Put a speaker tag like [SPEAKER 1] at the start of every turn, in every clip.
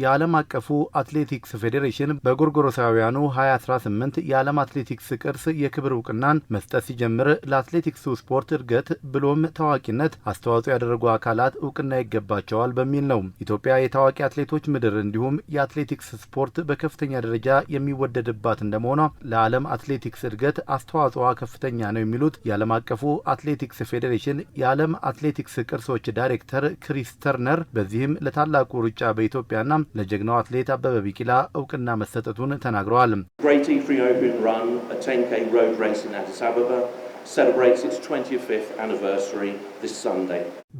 [SPEAKER 1] የዓለም አቀፉ አትሌቲክስ ፌዴሬሽን በጎርጎሮሳውያኑ 2018 የዓለም አትሌቲክስ ቅርስ የክብር እውቅናን መስጠት ሲጀምር ለአትሌቲክሱ ስፖርት እድገት ብሎም ታዋቂነት አስተዋጽኦ ያደረጉ አካላት እውቅና ይገባቸዋል በሚል ነው። ኢትዮጵያ የታዋቂ አትሌቶች ምድር እንዲሁም የአትሌቲክስ ስፖርት በከፍተኛ ደረጃ የሚወደድባት እንደመሆኗ ለዓለም አትሌቲክስ እድገት አስተዋጽኦዋ ከፍተኛ ነው የሚሉት የዓለም አቀፉ አትሌቲክስ ፌዴሬሽን የዓለም አትሌቲክስ ቅርሶች ዳይሬክተር ክሪስ ተርነር በዚህም ለታላቁ ሩጫ በኢትዮጵያና ለጀግናው አትሌት አበበ ቢቂላ እውቅና መሰጠቱን ተናግረዋል።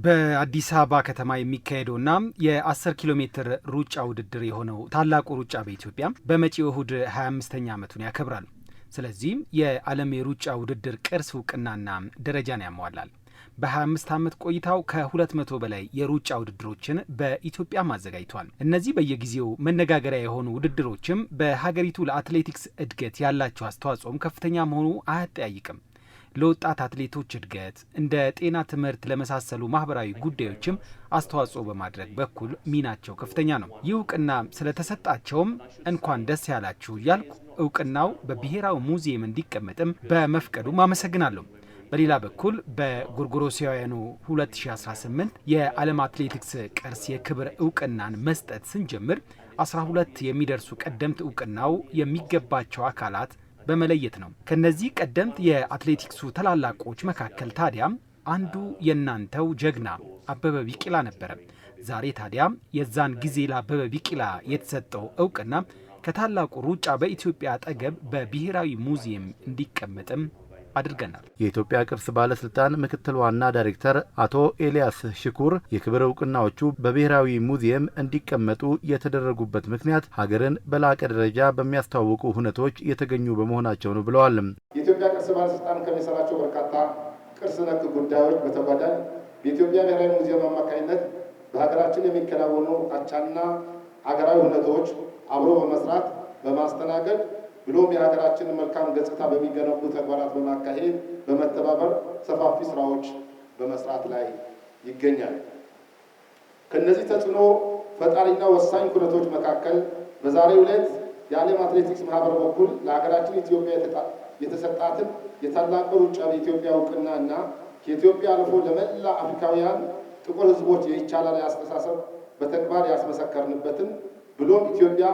[SPEAKER 2] በአዲስ አበባ ከተማ የሚካሄደውና የ10 ኪሎ ሜትር ሩጫ ውድድር የሆነው ታላቁ ሩጫ በኢትዮጵያ በመጪው እሁድ 25ኛ ዓመቱን ያከብራል። ስለዚህም የዓለም የሩጫ ውድድር ቅርስ እውቅናና ደረጃን ያሟላል። በ25 ዓመት ቆይታው ከ200 በላይ የሩጫ ውድድሮችን በኢትዮጵያም አዘጋጅቷል። እነዚህ በየጊዜው መነጋገሪያ የሆኑ ውድድሮችም በሀገሪቱ ለአትሌቲክስ እድገት ያላቸው አስተዋጽኦም ከፍተኛ መሆኑ አያጠያይቅም። ለወጣት አትሌቶች እድገት እንደ ጤና፣ ትምህርት ለመሳሰሉ ማህበራዊ ጉዳዮችም አስተዋጽኦ በማድረግ በኩል ሚናቸው ከፍተኛ ነው። ይህ እውቅና ስለተሰጣቸውም እንኳን ደስ ያላችሁ እያልኩ እውቅናው በብሔራዊ ሙዚየም እንዲቀመጥም በመፍቀዱም አመሰግናለሁ። በሌላ በኩል በጎርጎሮሲያውያኑ 2018 የዓለም አትሌቲክስ ቅርስ የክብር እውቅናን መስጠት ስንጀምር 12 የሚደርሱ ቀደምት እውቅናው የሚገባቸው አካላት በመለየት ነው። ከነዚህ ቀደምት የአትሌቲክሱ ታላላቆች መካከል ታዲያም አንዱ የእናንተው ጀግና አበበ ቢቂላ ነበረ። ዛሬ ታዲያ የዛን ጊዜ ለአበበ ቢቂላ የተሰጠው እውቅና ከታላቁ ሩጫ በኢትዮጵያ አጠገብ በብሔራዊ ሙዚየም እንዲቀመጥም አድርገናል።
[SPEAKER 3] የኢትዮጵያ ቅርስ ባለስልጣን ምክትል ዋና ዳይሬክተር አቶ ኤልያስ ሽኩር የክብር እውቅናዎቹ በብሔራዊ ሙዚየም እንዲቀመጡ የተደረጉበት ምክንያት ሀገርን በላቀ ደረጃ በሚያስተዋውቁ ሁነቶች የተገኙ በመሆናቸው ነው ብለዋል።
[SPEAKER 4] የኢትዮጵያ ቅርስ ባለስልጣን ከሚሰራቸው በርካታ ቅርስ ነክ ጉዳዮች በተጓዳኝ በኢትዮጵያ ብሔራዊ ሙዚየም አማካኝነት በሀገራችን የሚከናወኑ አቻና ሀገራዊ ሁነቶች አብሮ በመስራት በማስተናገድ ብሎም የሀገራችንን መልካም ገጽታ በሚገነቡ ተግባራት በማካሄድ በመተባበር ሰፋፊ ስራዎች በመስራት ላይ ይገኛል። ከነዚህ ተጽዕኖ ፈጣሪና ወሳኝ ኩነቶች መካከል በዛሬው ዕለት
[SPEAKER 5] የዓለም አትሌቲክስ ማህበር በኩል ለሀገራችን ኢትዮጵያ የተሰጣትን የታላቁ ሩጫ በኢትዮጵያ እውቅና እና ከኢትዮጵያ አልፎ ለመላ አፍሪካውያን ጥቁር ሕዝቦች የይቻላል አስተሳሰብ በተግባር ያስመሰከርንበትን ብሎም ኢትዮጵያ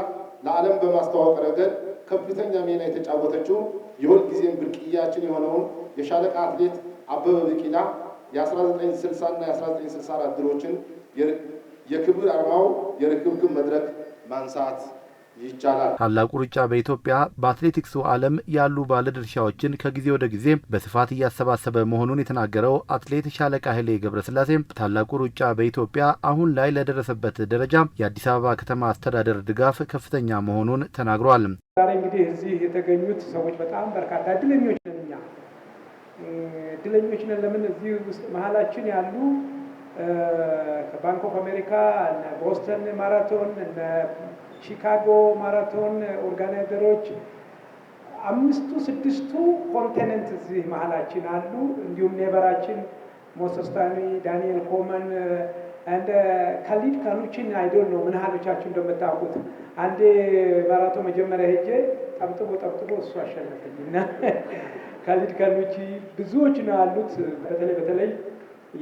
[SPEAKER 5] ለዓለም በማስተዋወቅ ረገድ
[SPEAKER 6] ከፍተኛ ሚና የተጫወተችው የሁል ጊዜም ብርቅያችን የሆነውን የሻለቃ አትሌት አበበ ቢቂላ የ1960 እና የ1964 ድሎችን የክብር አርማው የርክብክብ መድረክ ማንሳት ይቻላል። ታላቁ ሩጫ በኢትዮጵያ በአትሌቲክሱ ዓለም ያሉ ባለድርሻዎችን ከጊዜ ወደ ጊዜ በስፋት እያሰባሰበ መሆኑን የተናገረው አትሌት ሻለቃ ኃይሌ ገብረስላሴ ታላቁ ሩጫ በኢትዮጵያ አሁን ላይ ለደረሰበት ደረጃ የአዲስ አበባ ከተማ አስተዳደር ድጋፍ ከፍተኛ መሆኑን ተናግሯል። ዛሬ እንግዲህ እዚህ የተገኙት ሰዎች በጣም በርካታ እድለኞች ነን። እኛ እድለኞች ነን። ለምን እዚህ ውስጥ መሀላችን ያሉ ከባንክ ኦፍ አሜሪካ እነ ቦስተን ማራቶን እነ ቺካጎ ማራቶን ኦርጋናይዘሮች አምስቱ ስድስቱ ኮንቴነንት እዚህ መሀላችን አሉ።
[SPEAKER 1] እንዲሁም ኔበራችን ሞሰስታኒ ዳንኤል ኮመን እንደ ከሊድ ካኑችን አይዶል ነው። ምን ያህሎቻችሁ እንደምታውቁት አንዴ ማራቶን መጀመሪያ ሄጄ ጠብጥቦ ጠብጥቦ እሱ አሸነፈኝ እና ከሊድ ካኑቺ ብዙዎች ነው ያሉት በተለይ በተለይ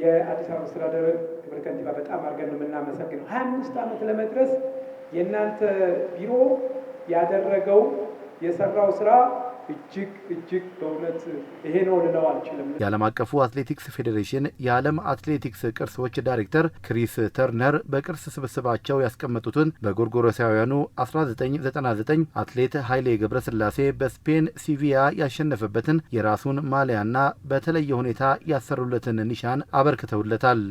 [SPEAKER 1] የአዲስ አበባ መስተዳደር ክብር ከንቲባ በጣም አድርገን ነው የምናመሰግነው። ሀያ አምስት ዓመት ለመድረስ የእናንተ ቢሮ ያደረገው የሰራው ስራ እጅግ እጅግ በእውነት ይሄ ነው ልለው አልችልም። የዓለም አቀፉ አትሌቲክስ ፌዴሬሽን የዓለም አትሌቲክስ ቅርሶች ዳይሬክተር ክሪስ ተርነር በቅርስ ስብስባቸው ያስቀመጡትን በጎርጎሮሳውያኑ 1999 አትሌት ኃይሌ ገብረስላሴ በስፔን ሲቪያ ያሸነፈበትን የራሱን ማሊያና በተለየ ሁኔታ ያሰሩለትን ኒሻን አበርክተውለታል።